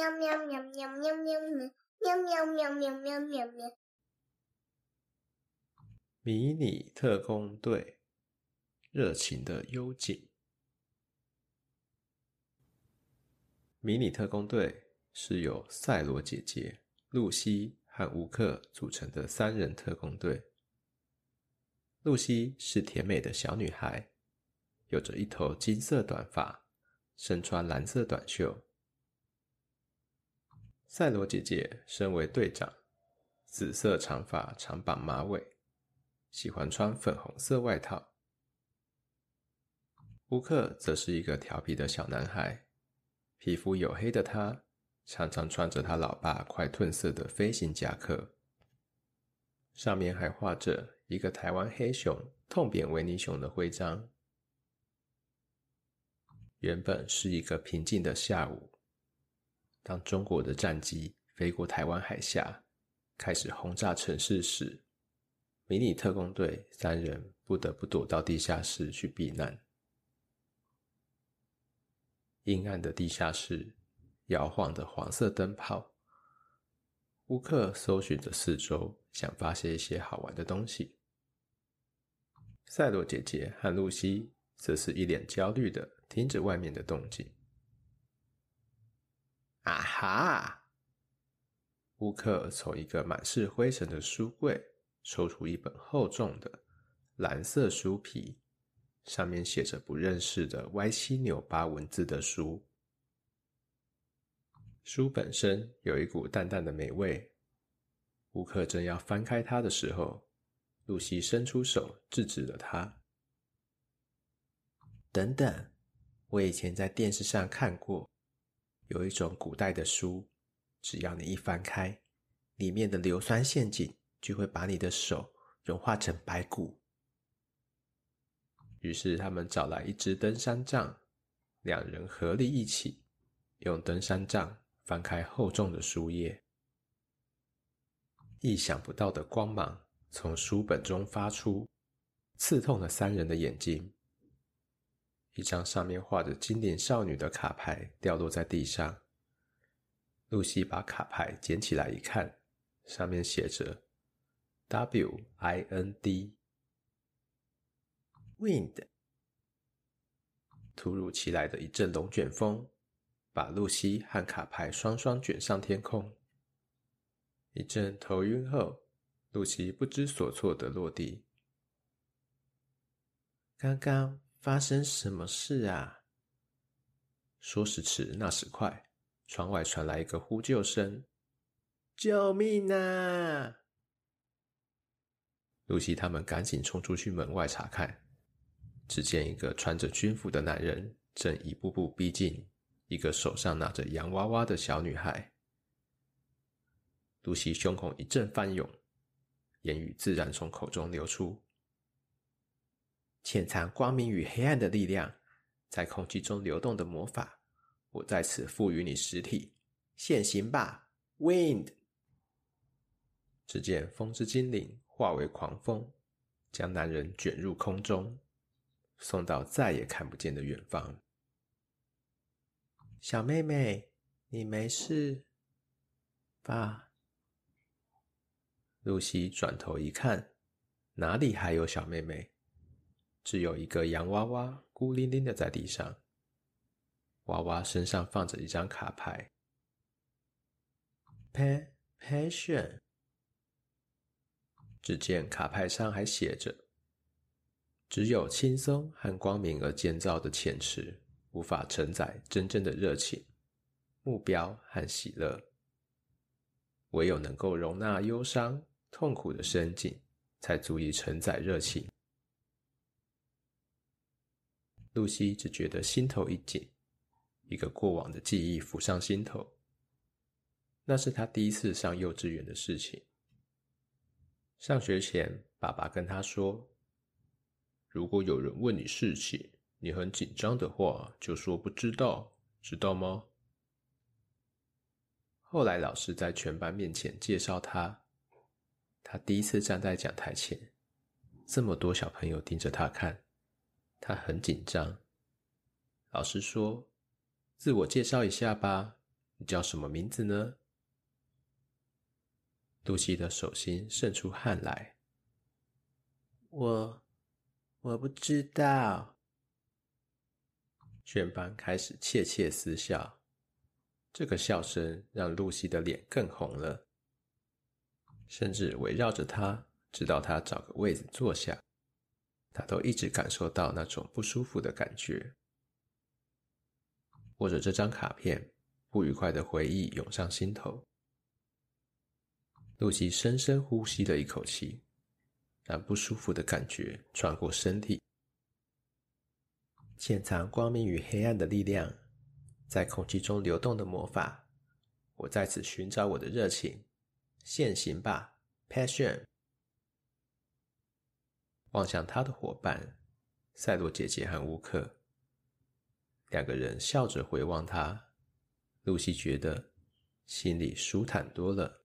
喵喵喵喵喵喵喵喵喵喵喵喵！迷你特工隊，熱情的幽井。迷你特工隊是由賽羅姐姐、露西和吳克組成的三人特工隊。露西是甜美的小女孩，有着一頭金色短髮，身穿藍色短袖。賽羅姐姐身為隊長，紫色長髮長綁馬尾，喜歡穿粉紅色外套。烏克則是一個調皮的小男孩，皮膚黝黑的他，常常穿着他老爸快褪色的飛行夾克，上面還畫着一個台灣黑熊痛扁維尼熊的徽章。原本是一個平靜的下午。當中國的戰機飛過台灣海峽，開始轟炸城市時，迷你特工隊三人不得不躲到地下室去避難。陰暗的地下室，搖晃的黃色燈泡。烏克搜尋着四周，想發現一些好玩的東西。賽羅姐姐和露西則是一臉焦慮的聽着外面的動靜。啊哈！烏克從一個滿是灰塵的書櫃抽出一本厚重的藍色書皮，上面寫着不認識的歪七扭八文字的書。書本身有一股淡淡的霉味。烏克正要翻開它的時候，露西伸出手制止了他：“等等，我以前在電視上看過。”有一種古代的書，只要你一翻開，裡面的硫酸陷阱就會把你的手融化成白骨。於是他們找來一支登山杖，兩人合力一起，用登山杖翻開厚重的書頁。意想不到的光芒從書本中發出，刺痛了三人的眼睛。一張上面畫着經典少女的卡牌掉落在地上。露西把卡牌撿起來一看，上面寫着 “WIND”。Wind。突如其來的一陣龍捲風把露西和卡牌雙雙捲上天空。一陣頭暈後，露西不知所措的落地。剛剛。發生什麼事啊？說時遲，那時快，窗外傳來一個呼救聲：“救命啊！”露西他們趕緊衝出去門外查看，只見一個穿着軍服的男人正一步步逼近一個手上拿着洋娃娃的小女孩。露西胸口一陣翻湧，言語自然從口中流出。潛藏光明與黑暗的力量，在空氣中流動的魔法，我在此賦予你實體，現形吧，Wind！只見風之精靈化為狂風，將男人捲入空中，送到再也看不見的遠方。小妹妹，你沒事吧？露西轉頭一看，哪裡還有小妹妹？只有一個洋娃娃孤零零的在地上，娃娃身上放着一張卡牌。Pa passion。只見卡牌上還寫着：“只有輕鬆和光明而建造的淺池，無法承載真正的熱情、目標和喜樂。唯有能夠容納憂傷、痛苦的深井，才足以承載熱情。”露西只覺得心頭一緊，一個過往的記憶浮上心頭。那是她第一次上幼稚園的事情。上學前，爸爸跟她說：“如果有人問你事情，你很緊張的話，就說不知道，知道嗎？”後來老師在全班面前介紹她，她第一次站在講台前，這麼多小朋友盯着她看。他很緊張。老師說：“自我介紹一下吧，你叫什麼名字呢？”露西的手心滲出汗來。我……我不知道。全班開始竊竊私笑，這個笑聲讓露西的臉更紅了，甚至圍繞着他，直到他找個位子坐下。他都一直感受到那種不舒服的感覺。握着這張卡片，不愉快的回憶湧上心頭。露西深深呼吸了一口氣，讓不舒服的感覺穿過身體。潛藏光明與黑暗的力量，在空氣中流動的魔法。我在此尋找我的熱情，現形吧，Passion。望向他的伙伴，賽羅姐姐和烏克，兩個人笑着回望他，露西覺得心裡舒坦多了。